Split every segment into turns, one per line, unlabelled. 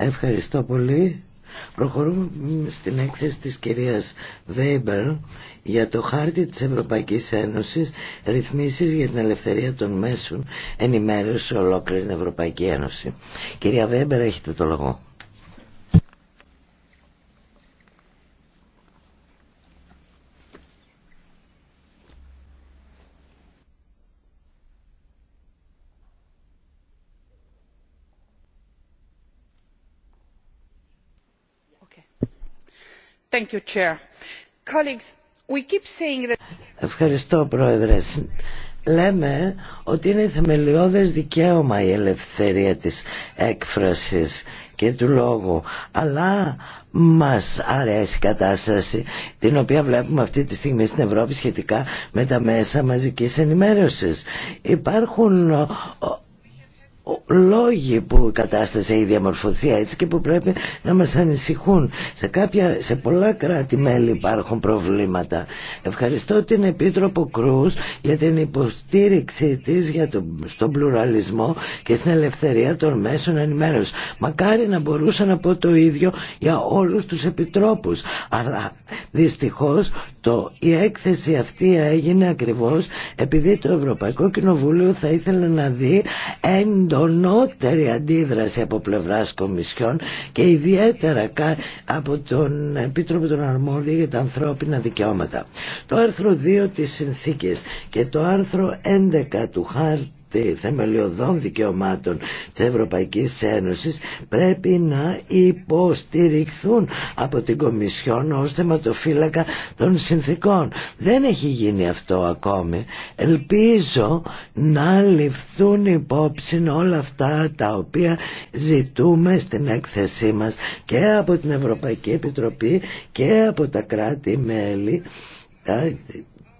Ευχαριστώ πολύ. Προχωρούμε στην έκθεση της κυρίας Βέιμπερ για το χάρτη της Ευρωπαϊκής Ένωσης ρυθμίσεις για την ελευθερία των μέσων ενημέρωσης σε ολόκληρη την Ευρωπαϊκή Ένωση. Κυρία Βέιμπερ έχετε το λόγο. Ευχαριστώ Πρόεδρε. Λέμε ότι είναι θεμελιώδες δικαίωμα η ελευθερία της έκφρασης και του λόγου αλλά μας αρέσει η κατάσταση την οποία βλέπουμε αυτή τη στιγμή στην Ευρώπη σχετικά με τα μέσα μαζικής ενημέρωσης υπάρχουν λόγοι που η κατάσταση διαμορφωθεί έτσι και που πρέπει να μας ανησυχούν. Σε, κάποια, σε πολλά κράτη-μέλη υπάρχουν προβλήματα. Ευχαριστώ την Επίτροπο Κρούς για την υποστήριξή της για το, στον πλουραλισμό και στην ελευθερία των μέσων ενημέρωση. Μακάρι να μπορούσα να πω το ίδιο για όλους τους επιτρόπους. Αλλά δυστυχώς το, η έκθεση αυτή έγινε ακριβώς επειδή το Ευρωπαϊκό Κοινοβούλιο θα ήθελε να δει έντονο ανώτερη αντίδραση από πλευράς Κομισιών και ιδιαίτερα από τον Επίτροπο των Αρμόδιων για τα ανθρώπινα δικαιώματα. Το άρθρο 2 της συνθήκης και το άρθρο 11 του χάρτη θεμελιωδών δικαιωμάτων της Ευρωπαϊκής Ένωσης πρέπει να υποστηριχθούν από την Κομισιόν ως θεματοφύλακα των συνθήκων. Δεν έχει γίνει αυτό ακόμη. Ελπίζω να ληφθούν υπόψη όλα αυτά τα οποία ζητούμε στην έκθεσή μας και από την Ευρωπαϊκή Επιτροπή και από τα κράτη-μέλη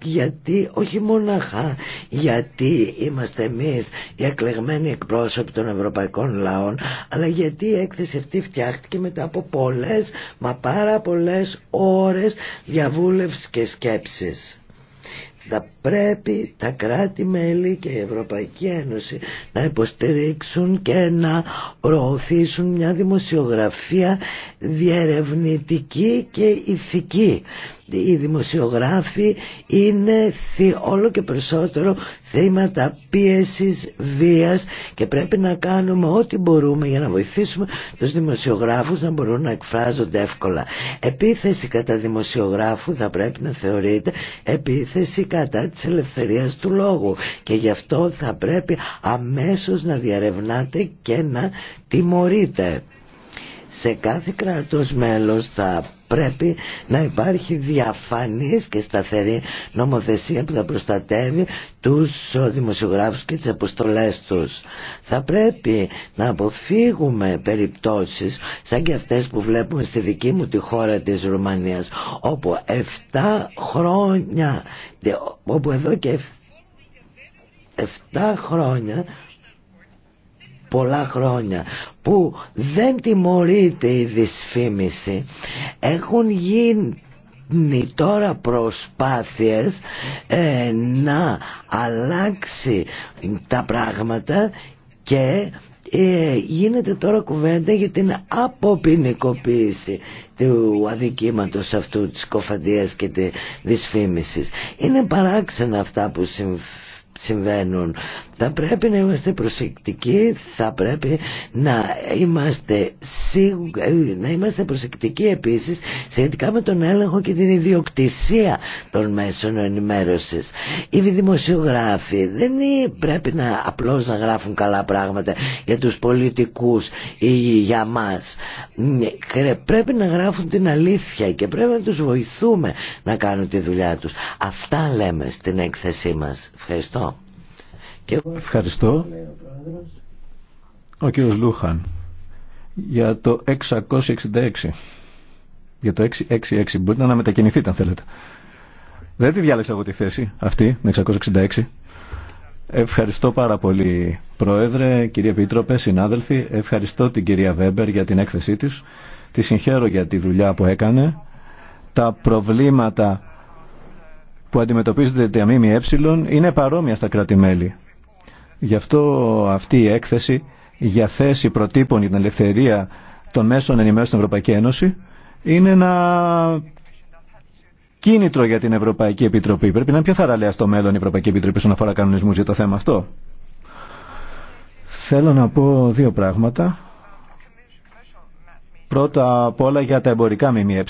γιατί όχι μονάχα γιατί είμαστε εμείς οι εκλεγμένοι εκπρόσωποι των ευρωπαϊκών λαών αλλά γιατί η έκθεση αυτή φτιάχτηκε μετά από πολλές μα πάρα πολλές ώρες διαβούλευση και σκέψεις. θα πρέπει τα κράτη-μέλη και η Ευρωπαϊκή Ένωση να υποστηρίξουν και να προωθήσουν μια δημοσιογραφία διερευνητική και ηθική οι δημοσιογράφοι είναι όλο και περισσότερο θύματα πίεσης, βίας και πρέπει να κάνουμε ό,τι μπορούμε για να βοηθήσουμε τους δημοσιογράφους να μπορούν να εκφράζονται εύκολα. Επίθεση κατά δημοσιογράφου θα πρέπει να θεωρείται επίθεση κατά της ελευθερίας του λόγου και γι' αυτό θα πρέπει αμέσως να διαρευνάτε και να τιμωρείτε. Σε κάθε κράτος μέλος θα πρέπει να υπάρχει διαφανής και σταθερή νομοθεσία που θα προστατεύει τους δημοσιογράφους και τις αποστολές τους. Θα πρέπει να αποφύγουμε περιπτώσεις σαν και αυτές που βλέπουμε στη δική μου τη χώρα της Ρουμανίας όπου 7 χρόνια όπου εδώ και 7 χρόνια πολλά χρόνια που δεν τιμωρείται η δυσφήμιση έχουν γίνει τώρα προσπάθειες ε, να αλλάξει τα πράγματα και ε, γίνεται τώρα κουβέντα για την αποποινικοποίηση του αδικήματος αυτού της κοφαντίας και της δυσφήμισης. Είναι παράξενα αυτά που συμβαίνουν συμβαίνουν. Θα πρέπει να είμαστε προσεκτικοί, θα πρέπει να είμαστε, ε, να είμαστε προσεκτικοί επίσης σχετικά με τον έλεγχο και την ιδιοκτησία των μέσων ενημέρωσης. Οι δημοσιογράφοι δεν πρέπει να απλώς να γράφουν καλά πράγματα για τους πολιτικούς ή για μας. Πρέπει να γράφουν την αλήθεια και πρέπει να τους βοηθούμε να κάνουν τη δουλειά τους. Αυτά λέμε στην έκθεσή μας. Ευχαριστώ.
Και εγώ ευχαριστώ. Ο κύριος Λούχαν για το 666. Για το 666. Μπορείτε να μετακινηθείτε αν θέλετε. Δεν τη διάλεξα εγώ τη θέση αυτή, με 666. Ευχαριστώ πάρα πολύ Πρόεδρε, κύριε Πίτροπε, συνάδελφοι. Ευχαριστώ την κυρία Βέμπερ για την έκθεσή της. Τη συγχαίρω για τη δουλειά που έκανε. Τα προβλήματα που αντιμετωπίζονται τα Ε είναι παρόμοια στα κράτη-μέλη. Γι' αυτό αυτή η έκθεση για θέση προτύπων για την ελευθερία των μέσων ενημέρωσης στην Ευρωπαϊκή Ένωση είναι ένα κίνητρο για την Ευρωπαϊκή Επιτροπή. Πρέπει να είναι πιο θαραλέα στο μέλλον η Ευρωπαϊκή Επιτροπή όσον αφορά κανονισμούς για το θέμα αυτό. Θέλω να πω δύο πράγματα. Πρώτα απ' όλα για τα εμπορικά ΜΜΕ.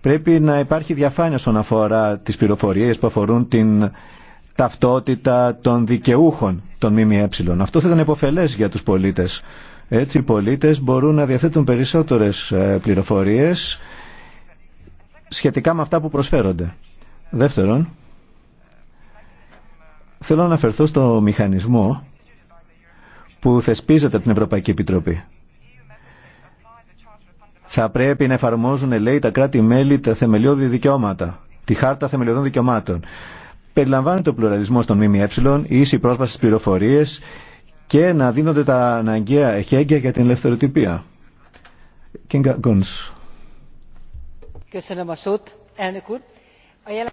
Πρέπει να υπάρχει διαφάνεια στον αφορά τις πληροφορίες που αφορούν την ταυτότητα των δικαιούχων των ΜΜΕ. Αυτό θα ήταν υποφελές για τους πολίτες. Έτσι οι πολίτες μπορούν να διαθέτουν περισσότερες ε, πληροφορίες σχετικά με αυτά που προσφέρονται. Δεύτερον, θέλω να αναφερθώ στο μηχανισμό που θεσπίζεται από την Ευρωπαϊκή Επιτροπή. Θα πρέπει να εφαρμόζουν, λέει, τα κράτη-μέλη τα θεμελιώδη δικαιώματα, τη χάρτα θεμελιωδών δικαιωμάτων περιλαμβάνει το πλουραλισμό των ΜΜΕ, η ίση πρόσβαση στις πληροφορίες και να δίνονται τα αναγκαία εχέγγυα για την ελευθεροτυπία.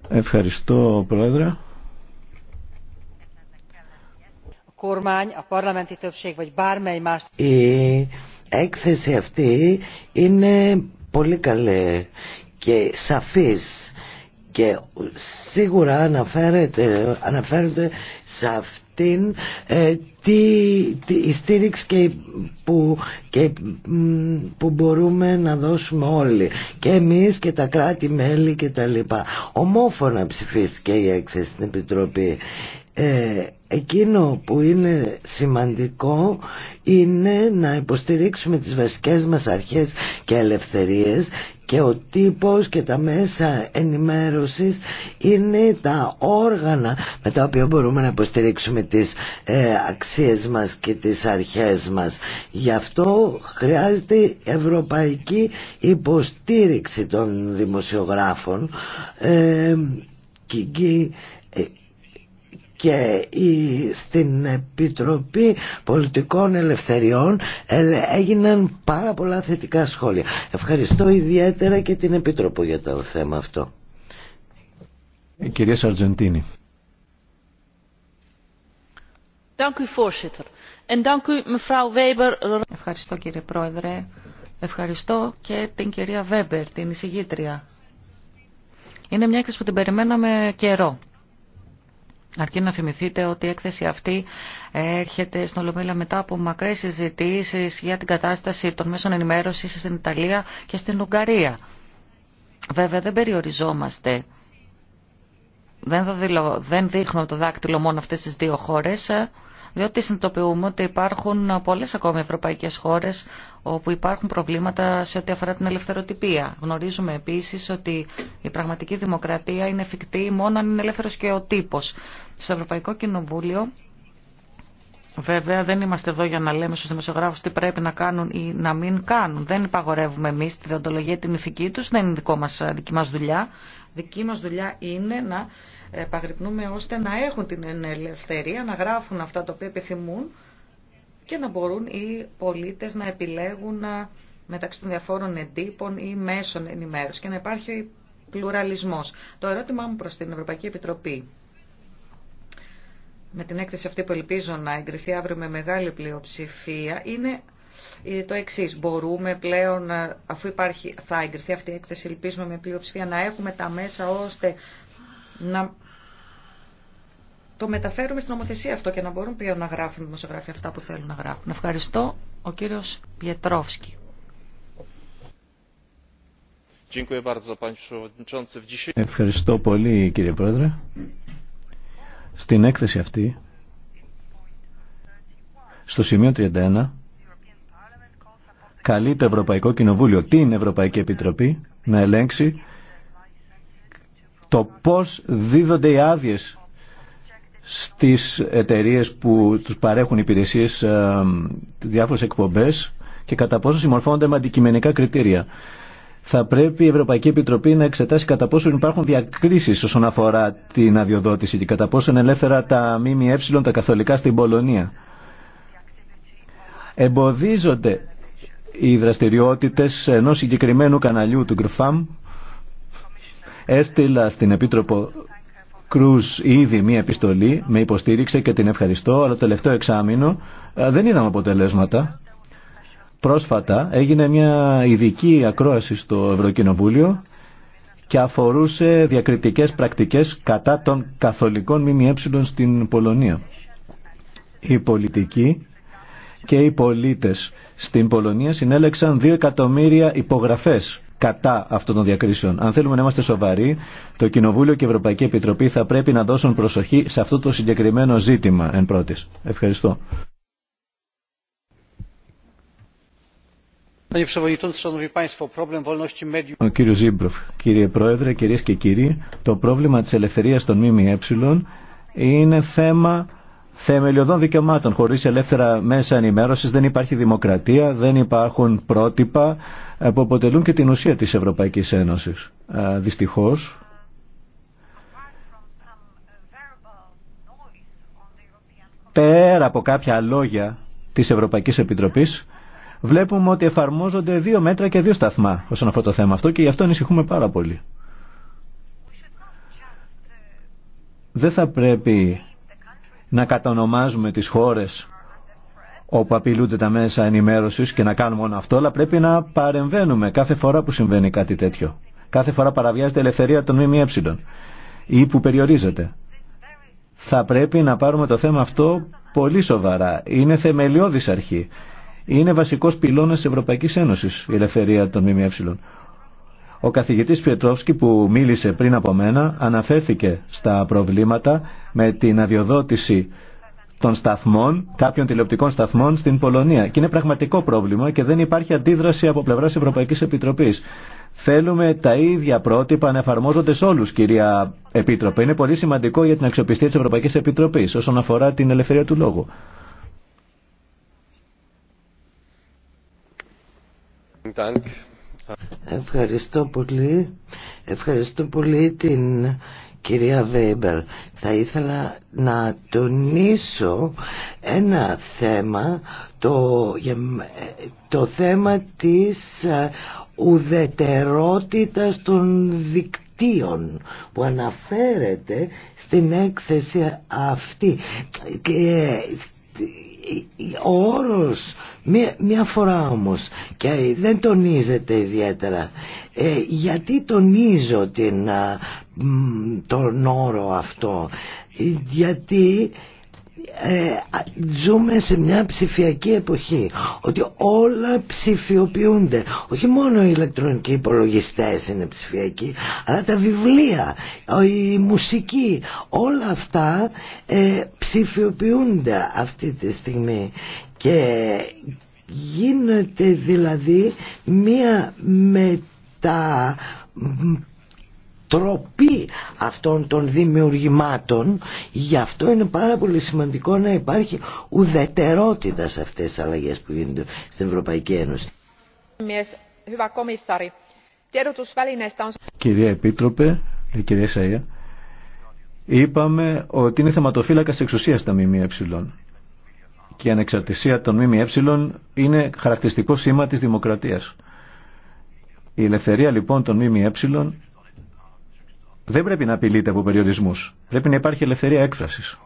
Ευχαριστώ, Πρόεδρε. Η
έκθεση αυτή είναι πολύ καλή και σαφής και σίγουρα αναφέρεται, αναφέρονται σε αυτήν ε, τη, στήριξη και, που, και, που μπορούμε να δώσουμε όλοι και εμείς και τα κράτη-μέλη και τα λοιπά. Ομόφωνα ψηφίστηκε η έκθεση στην Επιτροπή. Ε, εκείνο που είναι σημαντικό είναι να υποστηρίξουμε τις βασικές μας αρχές και ελευθερίες και ο τύπος και τα μέσα ενημέρωσης είναι τα όργανα με τα οποία μπορούμε να υποστηρίξουμε τις ε, αξίες μας και τις αρχές μας. Γι' αυτό χρειάζεται ευρωπαϊκή υποστήριξη των δημοσιογράφων ε, και ε, και στην Επιτροπή Πολιτικών Ελευθεριών ε, έγιναν πάρα πολλά θετικά σχόλια. Ευχαριστώ ιδιαίτερα και την Επίτροπο για το
θέμα αυτό. Ε, κυρία Σαρτζεντίνη.
Ευχαριστώ κύριε Πρόεδρε. Ευχαριστώ και την κυρία Βέμπερ, την εισηγήτρια. Είναι μια έκθεση που την περιμέναμε καιρό. Αρκεί να θυμηθείτε ότι η έκθεση αυτή έρχεται στην Ολομέλεια μετά από μακρές συζητήσει για την κατάσταση των μέσων ενημέρωσης στην Ιταλία και στην Ουγγαρία. Βέβαια δεν περιοριζόμαστε, δεν, δείχνω το δάκτυλο μόνο αυτές τις δύο χώρες, διότι συνειδητοποιούμε ότι υπάρχουν πολλές ακόμη ευρωπαϊκές χώρες όπου υπάρχουν προβλήματα σε ό,τι αφορά την ελευθεροτυπία. Γνωρίζουμε επίσης ότι η πραγματική δημοκρατία είναι εφικτή μόνο αν είναι ελεύθερος και ο τύπος. Στο Ευρωπαϊκό Κοινοβούλιο Βέβαια δεν είμαστε εδώ για να λέμε στους δημοσιογράφους τι πρέπει να κάνουν ή να μην κάνουν. Δεν υπαγορεύουμε εμείς τη διοντολογία, την ηθική τους, δεν είναι δικό μας, δική μας δουλειά. Δική μα δουλειά είναι να επαγρυπνούμε ώστε να έχουν την ελευθερία να γράφουν αυτά τα οποία επιθυμούν και να μπορούν οι πολίτες να επιλέγουν μεταξύ των διαφόρων εντύπων ή μέσων ενημέρωση και να υπάρχει πλουραλισμός. Το ερώτημά μου προς την Ευρωπαϊκή Επιτροπή με την έκθεση αυτή που ελπίζω να εγκριθεί αύριο με μεγάλη πλειοψηφία είναι ε, το εξή. Μπορούμε πλέον, αφού υπάρχει, θα εγκριθεί αυτή η έκθεση, ελπίζουμε με πλειοψηφία να έχουμε τα μέσα ώστε να το μεταφέρουμε στην νομοθεσία αυτό και να μπορούν πια να γράφουν οι δημοσιογράφοι αυτά που θέλουν να γράφουν. Ευχαριστώ. Ο κύριος Πιετρόφσκι.
Ευχαριστώ πολύ κύριε Πρόεδρε. Στην έκθεση αυτή, στο σημείο 31, καλεί το Ευρωπαϊκό Κοινοβούλιο, την Ευρωπαϊκή Επιτροπή, να ελέγξει το πώς δίδονται οι άδειες στις εταιρείες που τους παρέχουν υπηρεσίες ε, διάφορες εκπομπές και κατά πόσο συμμορφώνονται με αντικειμενικά κριτήρια. Θα πρέπει η Ευρωπαϊκή Επιτροπή να εξετάσει κατά πόσο υπάρχουν διακρίσεις όσον αφορά την αδειοδότηση και κατά πόσο είναι ελεύθερα τα ΜΜΕ τα καθολικά στην Πολωνία. Εμποδίζονται οι δραστηριότητες ενός συγκεκριμένου καναλιού του Γκρφάμ έστειλα στην Επίτροπο Κρούς ήδη μία επιστολή, με υποστήριξε και την ευχαριστώ, αλλά το τελευταίο εξάμεινο ε, δεν είδαμε αποτελέσματα. Πρόσφατα έγινε μια ειδική ακρόαση στο Ευρωκοινοβούλιο και αφορούσε διακριτικές πρακτικές κατά των καθολικών ΜΜΕ στην Πολωνία. Οι πολιτικοί και οι πολίτες στην Πολωνία συνέλεξαν 2 εκατομμύρια υπογραφές κατά αυτών των διακρίσεων. Αν θέλουμε να είμαστε σοβαροί, το Κοινοβούλιο και η Ευρωπαϊκή Επιτροπή θα πρέπει να δώσουν προσοχή σε αυτό το συγκεκριμένο ζήτημα εν πρώτης. Ευχαριστώ. Ο Ζήμπροφ, κύριε Πρόεδρε, κυρίες και κύριοι, το πρόβλημα της ελευθερίας των ΜΜΕ είναι θέμα θεμελιωδών δικαιωμάτων. Χωρίς ελεύθερα μέσα ενημέρωσης δεν υπάρχει δημοκρατία, δεν υπάρχουν πρότυπα ε, που αποτελούν και την ουσία της Ευρωπαϊκής Ένωσης. Ε, δυστυχώς, πέρα από κάποια λόγια της Ευρωπαϊκής Επιτροπής, βλέπουμε ότι εφαρμόζονται δύο μέτρα και δύο σταθμά όσον αφορά το θέμα αυτό και γι' αυτό ανησυχούμε πάρα πολύ. Δεν θα πρέπει να κατανομάζουμε τις χώρες όπου απειλούνται τα μέσα ενημέρωσης και να κάνουμε όλο αυτό, αλλά πρέπει να παρεμβαίνουμε κάθε φορά που συμβαίνει κάτι τέτοιο. Κάθε φορά παραβιάζεται η ελευθερία των ΜΜΕ ή που περιορίζεται. Θα πρέπει να πάρουμε το θέμα αυτό πολύ σοβαρά. Είναι θεμελιώδης αρχή. Είναι βασικός πυλώνας της Ευρωπαϊκής Ένωσης η ελευθερία των ΜΜΕ. Ο καθηγητής Πιετρόφσκι που μίλησε πριν από μένα αναφέρθηκε στα προβλήματα με την αδειοδότηση των σταθμών, κάποιων τηλεοπτικών σταθμών στην Πολωνία. Και είναι πραγματικό πρόβλημα και δεν υπάρχει αντίδραση από πλευράς Ευρωπαϊκής Επιτροπής. Θέλουμε τα ίδια πρότυπα να εφαρμόζονται σε όλου, κυρία Επίτροπε. Είναι πολύ σημαντικό για την αξιοπιστία τη Ευρωπαϊκή Επιτροπή όσον αφορά την ελευθερία του λόγου. Ευχαριστώ πολύ.
Ευχαριστώ πολύ την κυρία Βέιμπερ. Θα ήθελα να τονίσω ένα θέμα, το, ε, το θέμα της ε, ουδετερότητας των δικτύων που αναφέρεται στην έκθεση αυτή ε, ο όρος μία, φορά όμως και δεν τονίζεται ιδιαίτερα ε, γιατί τονίζω την, τον όρο αυτό ε, γιατί ε, ζούμε σε μια ψηφιακή εποχή ότι όλα ψηφιοποιούνται όχι μόνο οι ηλεκτρονικοί υπολογιστές είναι ψηφιακοί αλλά τα βιβλία, η μουσική όλα αυτά ε, ψηφιοποιούνται αυτή τη στιγμή και γίνεται δηλαδή μια μετα τροπή αυτών των δημιουργημάτων γι' αυτό είναι πάρα πολύ σημαντικό να υπάρχει ουδετερότητα σε αυτές τις αλλαγές που γίνονται στην Ευρωπαϊκή
Ένωση. Κυρία Επίτροπε, κυρία Σαΐα, είπαμε ότι είναι θεματοφύλακα εξουσίας τα ΜΜΕ και η ανεξαρτησία των ΜΜΕ είναι χαρακτηριστικό σήμα της δημοκρατίας. Η ελευθερία λοιπόν των ΜΜΕ δεν πρέπει να απειλείται από περιορισμούς. Πρέπει να υπάρχει ελευθερία έκφρασης.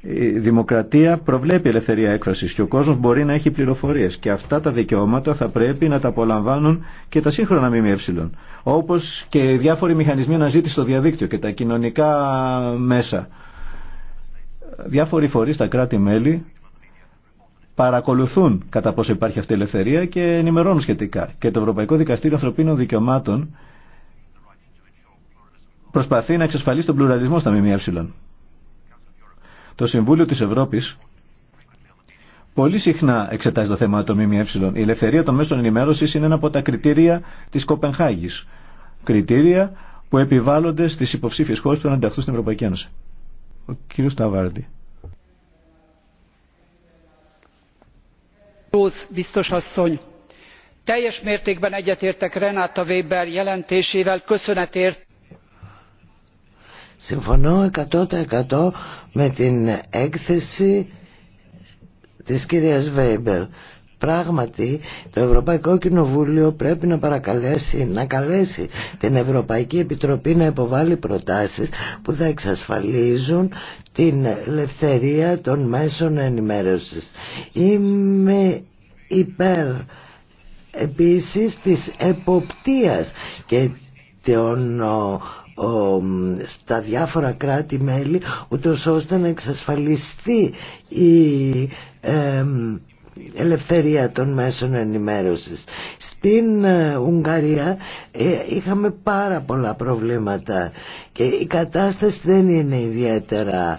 Η δημοκρατία προβλέπει ελευθερία έκφρασης και ο κόσμος μπορεί να έχει πληροφορίες και αυτά τα δικαιώματα θα πρέπει να τα απολαμβάνουν και τα σύγχρονα ΜΜΕ όπως και διάφοροι μηχανισμοί αναζήτηση στο διαδίκτυο και τα κοινωνικά μέσα. Διάφοροι φορείς, τα κράτη-μέλη παρακολουθούν κατά πόσο υπάρχει αυτή η ελευθερία και ενημερώνουν σχετικά. Και το Ευρωπαϊκό Δικαστήριο Ανθρωπίνων Δικαιωμάτων προσπαθεί να εξασφαλίσει τον πλουραλισμό στα ΜΜΕ. Το Συμβούλιο της Ευρώπης πολύ συχνά εξετάζει το θέμα των ΜΜΕ. Η ελευθερία των μέσων ενημέρωσης είναι ένα από τα κριτήρια της Κοπενχάγης. Κριτήρια που επιβάλλονται στις υποψήφιες χώρες που να ενταχθούν στην Ευρωπαϊκή Ένωση. Ο teljes mértékben egyetértek weber jelentésével
Συμφωνώ 100% με την έκθεση της κυρίας Βέιμπερ. Πράγματι το Ευρωπαϊκό Κοινοβούλιο πρέπει να παρακαλέσει να καλέσει την Ευρωπαϊκή Επιτροπή να υποβάλει προτάσεις που θα εξασφαλίζουν την ελευθερία των μέσων ενημέρωσης. Είμαι υπέρ επίσης της εποπτείας και των στα διάφορα κράτη-μέλη ούτως ώστε να εξασφαλιστεί η ε, ελευθερία των μέσων ενημέρωσης. Στην ε, Ουγγαρία ε, είχαμε πάρα πολλά προβλήματα και η κατάσταση δεν είναι ιδιαίτερα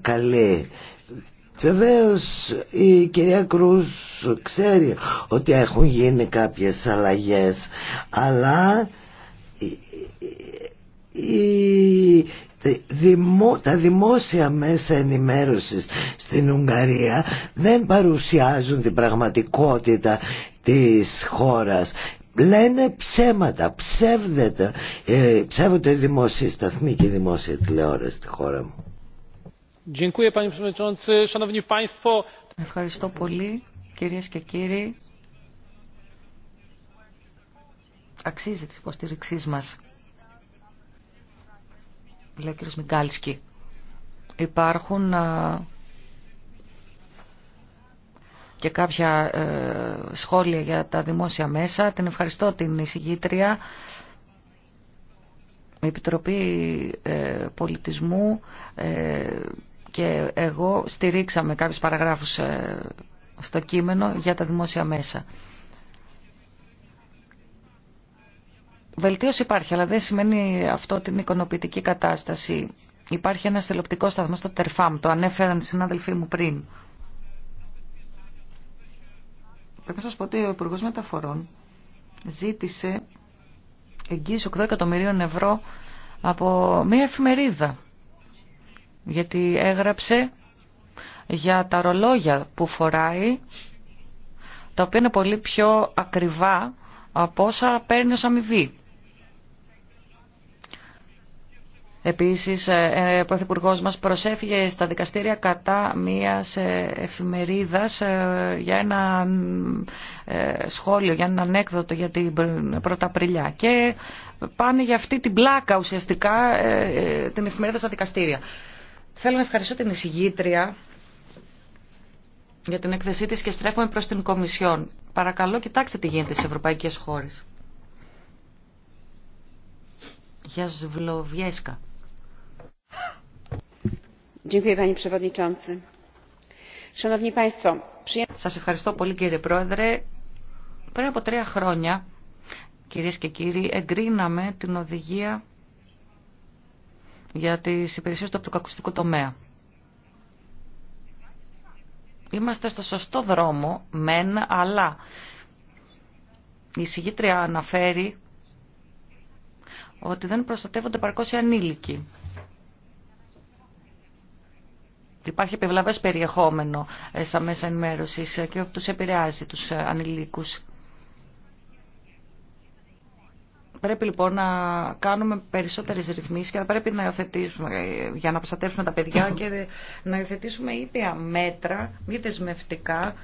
καλή. Βεβαίω η κυρία Κρούς ξέρει ότι έχουν γίνει κάποιες αλλαγές αλλά τα δημόσια μέσα ενημέρωσης στην Ουγγαρία δεν παρουσιάζουν την πραγματικότητα της χώρας λένε ψέματα, ψεύδεται, ε, ψεύδονται οι δημόσιοι σταθμοί και δημόσια τηλεόραση στη χώρα μου.
Ευχαριστώ πολύ κυρίες και κύριοι. Αξίζει τις υποστήριξής μας λέει Υπάρχουν και κάποια ε, σχόλια για τα δημόσια μέσα. Την ευχαριστώ την εισηγήτρια. Η Επιτροπή ε, Πολιτισμού ε, και εγώ στηρίξαμε κάποιους παραγράφους στο κείμενο για τα δημόσια μέσα. Βελτίωση υπάρχει, αλλά δεν σημαίνει αυτό την οικονομική κατάσταση. Υπάρχει ένα στελεοπτικό σταθμό στο Τερφάμ, το ανέφεραν συνάδελφοί μου πριν. Πρέπει να σας πω ότι ο Υπουργό Μεταφορών ζήτησε εγγύηση 8 εκατομμυρίων ευρώ από μία εφημερίδα. Γιατί έγραψε για τα ρολόγια που φοράει, τα οποία είναι πολύ πιο ακριβά από όσα παίρνει ως αμοιβή. Επίσης, ε, ε, ο Πρωθυπουργό μας προσέφυγε στα δικαστήρια κατά μίας ε, εφημερίδας για ένα σχόλιο, για ένα ανέκδοτο για την 1η Απριλιά. Και πάνε για αυτή την πλάκα ουσιαστικά την εφημερίδα στα δικαστήρια. Θέλω να ευχαριστώ την εισηγήτρια για την έκθεσή της και στρέφουμε προς την Κομισιόν. Παρακαλώ, κοιτάξτε τι γίνεται στις ευρωπαϊκές χώρες. Βλοβιέσκα. Σας ευχαριστώ πολύ κύριε Πρόεδρε. Πριν από τρία χρόνια, κυρίες και κύριοι, εγκρίναμε την οδηγία για τις υπηρεσίες του οπτικοακουστικού τομέα. Είμαστε στο σωστό δρόμο, μεν, αλλά η συγγήτρια αναφέρει ότι δεν προστατεύονται παρκώς οι ανήλικοι υπάρχει επιβλαβές περιεχόμενο ε, στα μέσα ενημέρωσης ε, και τους επηρεάζει τους ε, ανηλίκους. Πρέπει λοιπόν να κάνουμε περισσότερες ρυθμίσεις και θα πρέπει να υιοθετήσουμε, για να προστατεύσουμε τα παιδιά και να υιοθετήσουμε ήπια μέτρα, μη δεσμευτικά,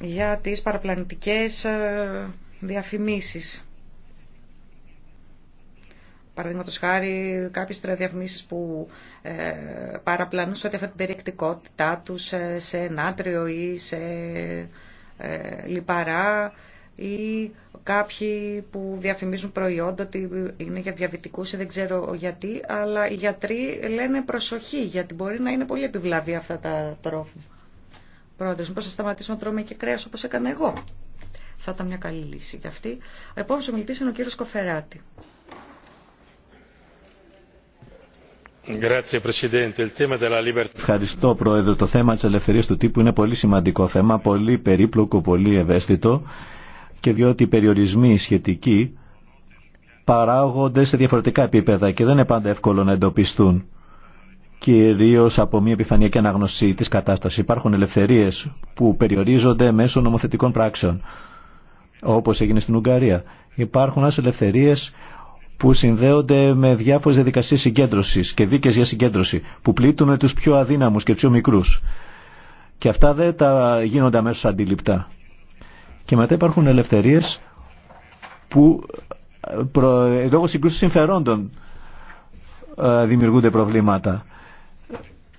για τις παραπλανητικές διαφημίσεις. Παραδείγματο χάρη κάποιε τραδιαφημίσεις που ε, παραπλανούν ότι αυτή την περιεκτικότητά του ε, σε νάτριο ή σε ε, λιπαρά ή κάποιοι που διαφημίζουν προϊόντα ότι είναι για διαβητικούς ή δεν ξέρω γιατί, αλλά οι γιατροί λένε προσοχή γιατί μπορεί να είναι πολύ επιβλαβή αυτά τα τρόφιμα. Πρόεδρος, μήπως θα σταματήσουμε να τρώμε και κρέας όπως έκανα εγώ. Θα ήταν μια καλή λύση για αυτή. Ο επόμενος είναι ο κύριος Κοφεράτη.
Ευχαριστώ Πρόεδρε. Το θέμα της ελευθερίας του τύπου είναι πολύ σημαντικό θέμα, πολύ περίπλοκο, πολύ ευαίσθητο και διότι οι περιορισμοί σχετικοί παράγονται σε διαφορετικά επίπεδα και δεν είναι πάντα εύκολο να εντοπιστούν κυρίω από μια επιφανειακή αναγνωσή τη κατάσταση. Υπάρχουν ελευθερίες που περιορίζονται μέσω νομοθετικών πράξεων Όπω έγινε στην Ουγγαρία. Υπάρχουν άλλε ελευθερίε που συνδέονται με διάφορε διαδικασίε συγκέντρωση και δίκε για συγκέντρωση που πλήττουν του πιο αδύναμους και του πιο μικρού. Και αυτά δεν τα γίνονται αμέσω αντιληπτά. Και μετά υπάρχουν ελευθερίε που προ... λόγω συγκρούσεων συμφερόντων ε, δημιουργούνται προβλήματα.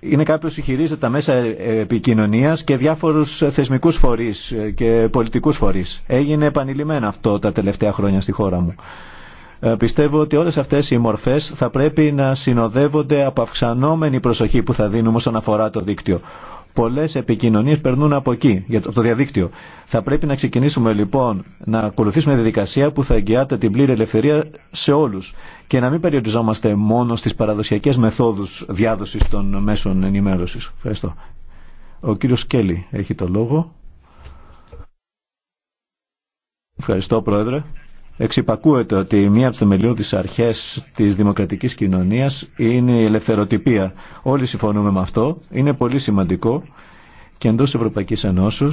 Είναι κάποιος που χειρίζεται τα μέσα επικοινωνίας και διάφορους θεσμικούς φορείς και πολιτικούς φορείς. Έγινε επανειλημμένα αυτό τα τελευταία χρόνια στη χώρα μου. Ε, πιστεύω ότι όλες αυτές οι μορφές θα πρέπει να συνοδεύονται από αυξανόμενη προσοχή που θα δίνουμε όσον αφορά το δίκτυο. Πολλές επικοινωνίες περνούν από εκεί, από το διαδίκτυο. Θα πρέπει να ξεκινήσουμε λοιπόν να ακολουθήσουμε διαδικασία που θα εγγυάται την πλήρη ελευθερία σε όλους και να μην περιοριζόμαστε μόνο στις παραδοσιακές μεθόδους διάδοσης των μέσων ενημέρωσης. Ευχαριστώ. Ο κύριος Κέλλη έχει το λόγο. Ευχαριστώ Πρόεδρε. Εξυπακούεται ότι μία από τι θεμελιώδει αρχέ τη δημοκρατική κοινωνία είναι η ελευθεροτυπία. Όλοι συμφωνούμε με αυτό. Είναι πολύ σημαντικό και εντό Ευρωπαϊκή Ενώσεω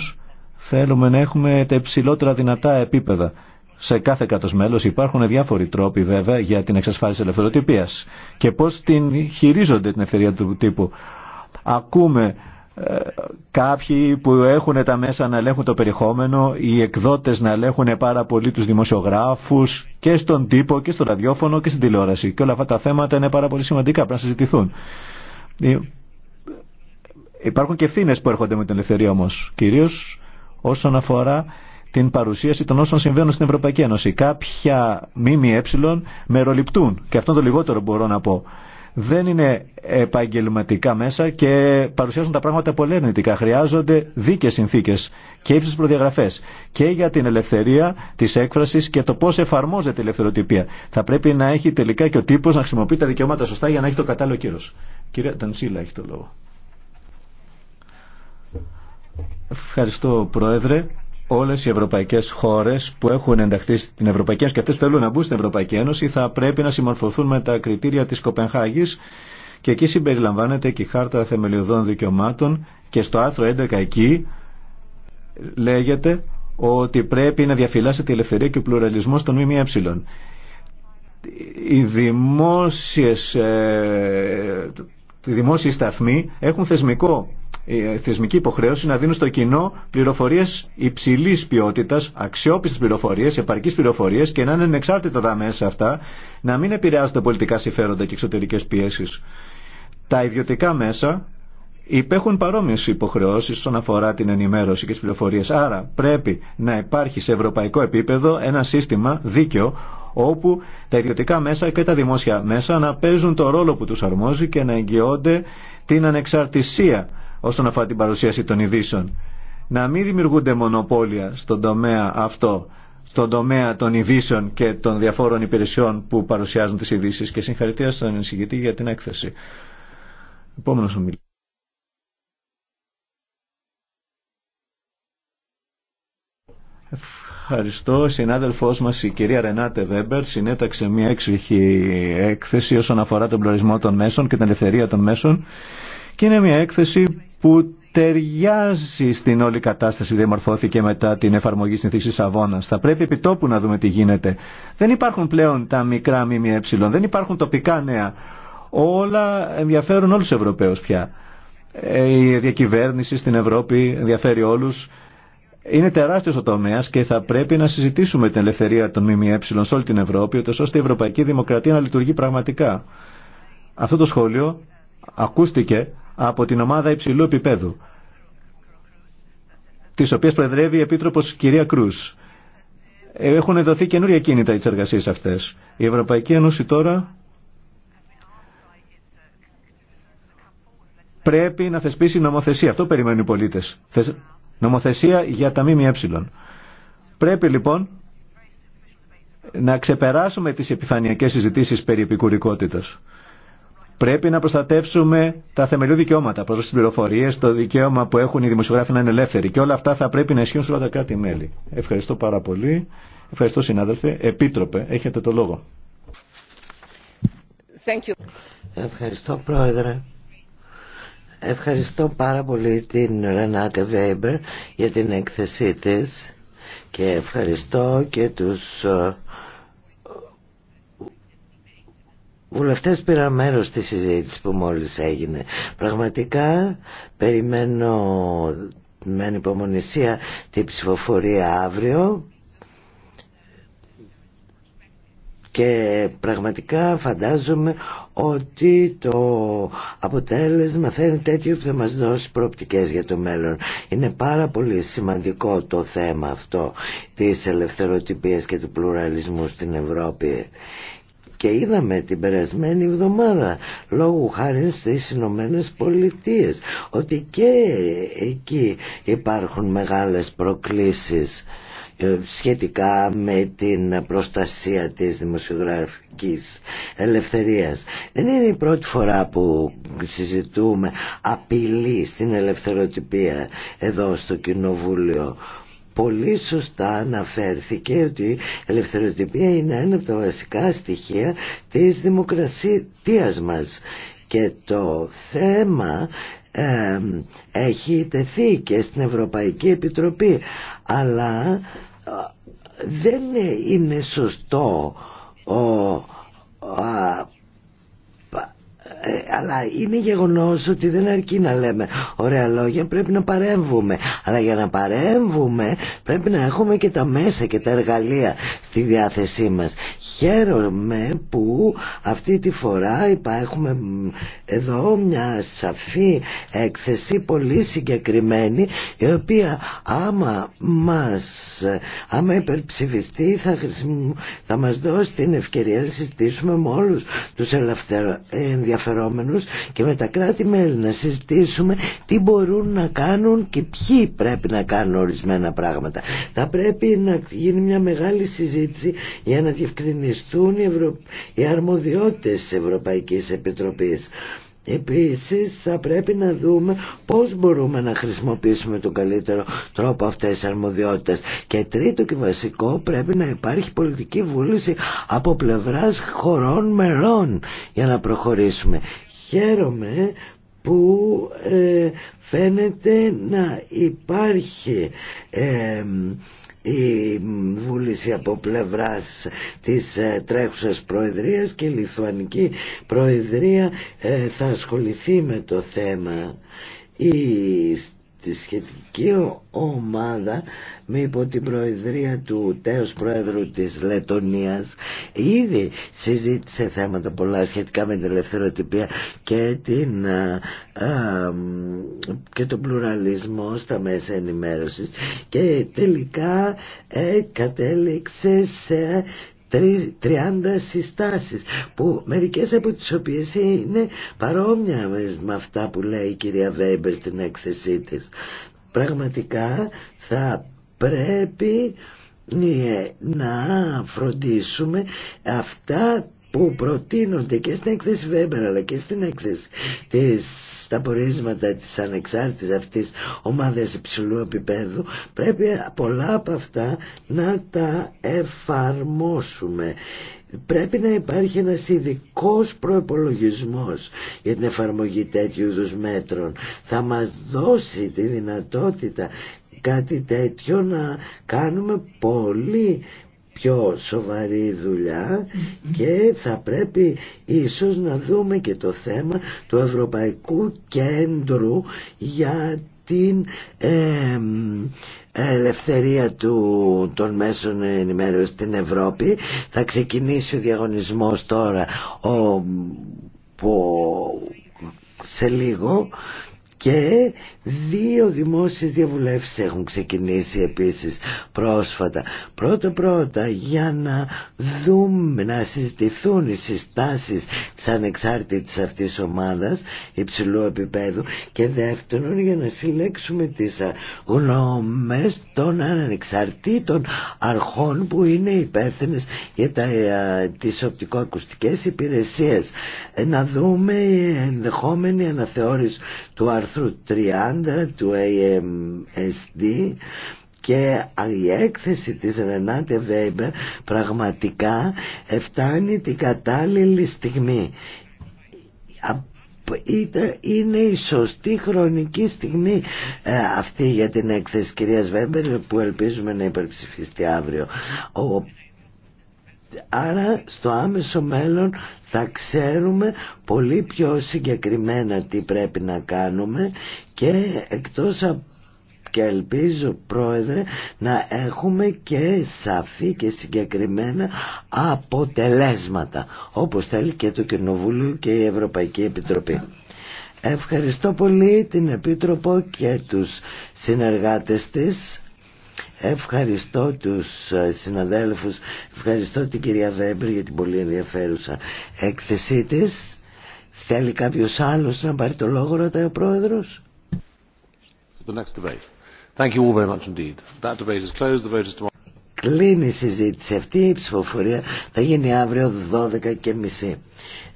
θέλουμε να έχουμε τα υψηλότερα δυνατά επίπεδα. Σε κάθε κράτο μέλο υπάρχουν διάφοροι τρόποι βέβαια για την εξασφάλιση ελευθεροτυπία και πώ την χειρίζονται την ελευθερία του τύπου. Ακούμε κάποιοι που έχουν τα μέσα να ελέγχουν το περιεχόμενο, οι εκδότες να ελέγχουν πάρα πολύ τους δημοσιογράφους και στον τύπο και στο ραδιόφωνο και στην τηλεόραση. Και όλα αυτά τα θέματα είναι πάρα πολύ σημαντικά, πρέπει να συζητηθούν. Ε, υπάρχουν και ευθύνε που έρχονται με την ελευθερία όμως, κυρίως όσον αφορά την παρουσίαση των όσων συμβαίνουν στην Ευρωπαϊκή Ένωση. Κάποια μήμοι με μεροληπτούν και αυτό το λιγότερο μπορώ να πω δεν είναι επαγγελματικά μέσα και παρουσιάζουν τα πράγματα πολύ αρνητικά. Χρειάζονται δίκαιες συνθήκες και ύψες προδιαγραφές και για την ελευθερία της έκφρασης και το πώς εφαρμόζεται η ελευθεροτυπία. Θα πρέπει να έχει τελικά και ο τύπος να χρησιμοποιεί τα δικαιώματα σωστά για να έχει το κατάλληλο κύρος. Κυρία Τανσίλα έχει το λόγο. Ευχαριστώ Πρόεδρε όλες οι ευρωπαϊκές χώρες που έχουν ενταχθεί στην Ευρωπαϊκή Ένωση και αυτές που θέλουν να μπουν στην Ευρωπαϊκή Ένωση θα πρέπει να συμμορφωθούν με τα κριτήρια της Κοπενχάγης και εκεί συμπεριλαμβάνεται και η Χάρτα Θεμελιωδών Δικαιωμάτων και στο άρθρο 11 εκεί λέγεται ότι πρέπει να διαφυλάσσεται η ελευθερία και ο πλουραλισμός των ΜΜΕ. Οι δημόσιες, ε, οι σταθμοί έχουν θεσμικό ε, θεσμική υποχρέωση να δίνουν στο κοινό πληροφορίε υψηλή ποιότητα, αξιόπιστε πληροφορίε, επαρκεί πληροφορίε και να είναι ανεξάρτητα τα μέσα αυτά, να μην επηρεάζονται πολιτικά συμφέροντα και εξωτερικέ πιέσει. Τα ιδιωτικά μέσα υπέχουν παρόμοιε υποχρεώσει όσον αφορά την ενημέρωση και τι πληροφορίε. Άρα πρέπει να υπάρχει σε ευρωπαϊκό επίπεδο ένα σύστημα δίκαιο όπου τα ιδιωτικά μέσα και τα δημόσια μέσα να παίζουν το ρόλο που τους αρμόζει και να εγγυώνται την ανεξαρτησία όσον αφορά την παρουσίαση των ειδήσεων. Να μην δημιουργούνται μονοπόλια στον τομέα αυτό, στον τομέα των ειδήσεων και των διαφόρων υπηρεσιών που παρουσιάζουν τις ειδήσει και συγχαρητήρια στον εισηγητή για την έκθεση. Επόμενος ομιλητής. Ευχαριστώ. Η συνάδελφό μα, η κυρία Ρενάτε Βέμπερ, συνέταξε μια έξοχη έκθεση όσον αφορά τον πλουρισμό των μέσων και την ελευθερία των μέσων και είναι μια έκθεση που ταιριάζει στην όλη κατάσταση που διαμορφώθηκε μετά την εφαρμογή συνθήκη Σαββόνα. Θα πρέπει επιτόπου να δούμε τι γίνεται. Δεν υπάρχουν πλέον τα μικρά ΜΜΕ, δεν υπάρχουν τοπικά νέα. Όλα ενδιαφέρουν όλου του Ευρωπαίου πια. Ε, η διακυβέρνηση στην Ευρώπη ενδιαφέρει όλου. Είναι τεράστιο ο τομέα και θα πρέπει να συζητήσουμε την ελευθερία των ΜΜΕ σε όλη την Ευρώπη, ώστε η Ευρωπαϊκή Δημοκρατία να λειτουργεί πραγματικά. Αυτό το σχόλιο ακούστηκε από την ομάδα υψηλού επίπεδου, τη οποία προεδρεύει η Επίτροπο κυρία Κρού. Έχουν δοθεί καινούρια κίνητα τι εργασίε αυτέ. Η Ευρωπαϊκή Ένωση τώρα πρέπει να θεσπίσει νομοθεσία. Αυτό περιμένουν οι πολίτε. Νομοθεσία για τα ΜΜΕ. Πρέπει λοιπόν να ξεπεράσουμε τις επιφανειακές συζητήσεις περί επικουρικότητας. Πρέπει να προστατεύσουμε τα θεμελιώδη δικαιώματα, πρόσβαση τι πληροφορίε, το δικαίωμα που έχουν οι δημοσιογράφοι να είναι ελεύθεροι. Και όλα αυτά θα πρέπει να ισχύουν σε όλα τα κράτη-μέλη. Ευχαριστώ πάρα πολύ. Ευχαριστώ, συνάδελφε. Επίτροπε, έχετε το λόγο. Thank you. Ευχαριστώ, Πρόεδρε.
Ευχαριστώ πάρα πολύ την Ρενάτε Βέιμπερ για την έκθεσή της και ευχαριστώ και τους ε, βουλευτές πήραν μέρος στη συζήτηση που μόλις έγινε. Πραγματικά περιμένω με ανυπομονησία την ψηφοφορία αύριο και πραγματικά φαντάζομαι ότι το αποτέλεσμα θα είναι τέτοιο που θα μας δώσει προοπτικές για το μέλλον. Είναι πάρα πολύ σημαντικό το θέμα αυτό της ελευθεροτυπίας και του πλουραλισμού στην Ευρώπη και είδαμε την περασμένη εβδομάδα λόγω χάρη στις Ηνωμένε Πολιτείε ότι και εκεί υπάρχουν μεγάλες προκλήσεις ε, σχετικά με την προστασία της δημοσιογραφικής ελευθερίας. Δεν είναι η πρώτη φορά που συζητούμε απειλή στην ελευθεροτυπία εδώ στο Κοινοβούλιο πολύ σωστά αναφέρθηκε ότι η ελευθεροτυπία είναι ένα από τα βασικά στοιχεία της δημοκρατίας μας και το θέμα έχει τεθεί και στην Ευρωπαϊκή Επιτροπή αλλά ε, δεν είναι σωστό ο, Αλλά είναι γεγονός ότι δεν αρκεί να λέμε ωραία λόγια, πρέπει να παρέμβουμε. Αλλά για να παρέμβουμε πρέπει να έχουμε και τα μέσα και τα εργαλεία στη διάθεσή μας. Χαίρομαι που αυτή τη φορά έχουμε εδώ μια σαφή έκθεση πολύ συγκεκριμένη η οποία άμα μας άμα υπερψηφιστεί θα, θα μας δώσει την ευκαιρία να συζητήσουμε με όλους τους ενδιαφερόμενους και με τα κράτη-μέλη να συζητήσουμε τι μπορούν να κάνουν και ποιοι πρέπει να κάνουν ορισμένα πράγματα. Θα πρέπει να γίνει μια μεγάλη συζήτηση για να διευκρινιστούν οι, Ευρω... οι αρμοδιότητες της Ευρωπαϊκής Επιτροπής. Επίσης θα πρέπει να δούμε πώς μπορούμε να χρησιμοποιήσουμε τον καλύτερο τρόπο αυτές τις αρμοδιότητες. Και τρίτο και βασικό πρέπει να υπάρχει πολιτική βούληση από πλευράς χωρών μερών για να προχωρήσουμε. Χαίρομαι που ε, φαίνεται να υπάρχει ε, η βούληση από πλευράς της ε, τρέχουσας προεδρίας και η Λιθουανική Προεδρία ε, θα ασχοληθεί με το θέμα τη σχετική ομάδα με υπό την προεδρία του τέος πρόεδρου της Λετωνίας ήδη συζήτησε θέματα πολλά σχετικά με την ελευθεροτυπία και, την, ε, ε, και τον πλουραλισμό στα μέσα ενημέρωσης και τελικά ε, κατέληξε σε 30 συστάσεις που μερικές από τις οποίες είναι παρόμοια με αυτά που λέει η κυρία Βέμπερ στην έκθεσή της. Πραγματικά θα πρέπει ε, να φροντίσουμε αυτά που προτείνονται και στην έκθεση Βέμπερ αλλά και στην έκθεση της, στα πορίσματα της ανεξάρτητης αυτής ομάδας υψηλού επίπεδου πρέπει πολλά από αυτά να τα εφαρμόσουμε πρέπει να υπάρχει ένας ειδικό προϋπολογισμός για την εφαρμογή τέτοιου είδους μέτρων θα μας δώσει τη δυνατότητα κάτι τέτοιο να κάνουμε πολύ πιο σοβαρή δουλειά και θα πρέπει ίσως να δούμε και το θέμα του Ευρωπαϊκού Κέντρου για την ελευθερία του, των μέσων ενημέρωσης στην Ευρώπη. Θα ξεκινήσει ο διαγωνισμός τώρα ο, που, σε λίγο και δύο δημόσιες διαβουλεύσεις έχουν ξεκινήσει επίσης πρόσφατα. Πρώτα-πρώτα για να δούμε, να συζητηθούν οι συστάσεις της ανεξάρτητης αυτής ομάδας υψηλού επίπεδου και δεύτερον για να συλλέξουμε τις γνώμες των ανεξαρτήτων αρχών που είναι υπεύθυνες για τα, ε, τις οπτικοακουστικές υπηρεσίες. Ε, να δούμε ενδεχόμενη αναθεώρηση του άρθρου 30 του AMSD και η έκθεση της Ρενάτε Βέιμπερ πραγματικά φτάνει την κατάλληλη στιγμή είναι η σωστή χρονική στιγμή ε, αυτή για την έκθεση κυρίας Βέμπερ που ελπίζουμε να υπερψηφιστεί αύριο. Ο Άρα στο άμεσο μέλλον θα ξέρουμε πολύ πιο συγκεκριμένα τι πρέπει να κάνουμε και εκτός από και ελπίζω πρόεδρε να έχουμε και σαφή και συγκεκριμένα αποτελέσματα όπως θέλει και το Κοινοβούλιο και η Ευρωπαϊκή Επιτροπή. Ευχαριστώ πολύ την Επίτροπο και τους συνεργάτες της. Ευχαριστώ τους ε, συναδέλφους, ευχαριστώ την κυρία Βέμπρη για την πολύ ενδιαφέρουσα έκθεσή της. Θέλει κάποιος άλλος να πάρει το λόγο, ρωτάει ο Πρόεδρος. Thank you all very much
indeed. That debate is closed. The vote is
Κλείνει η συζήτηση αυτή, η ψηφοφορία θα γίνει αύριο 12 και μισή.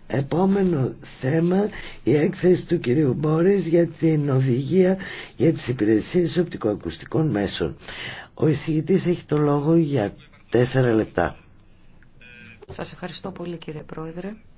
Επόμενο θέμα η έκθεση του κυρίου Μπόρις για την οδηγία για τις υπηρεσίες οπτικοακουστικών μέσων. Ο εισηγητής έχει το λόγο για τέσσερα λεπτά.
Σας ευχαριστώ πολύ κύριε Πρόεδρε.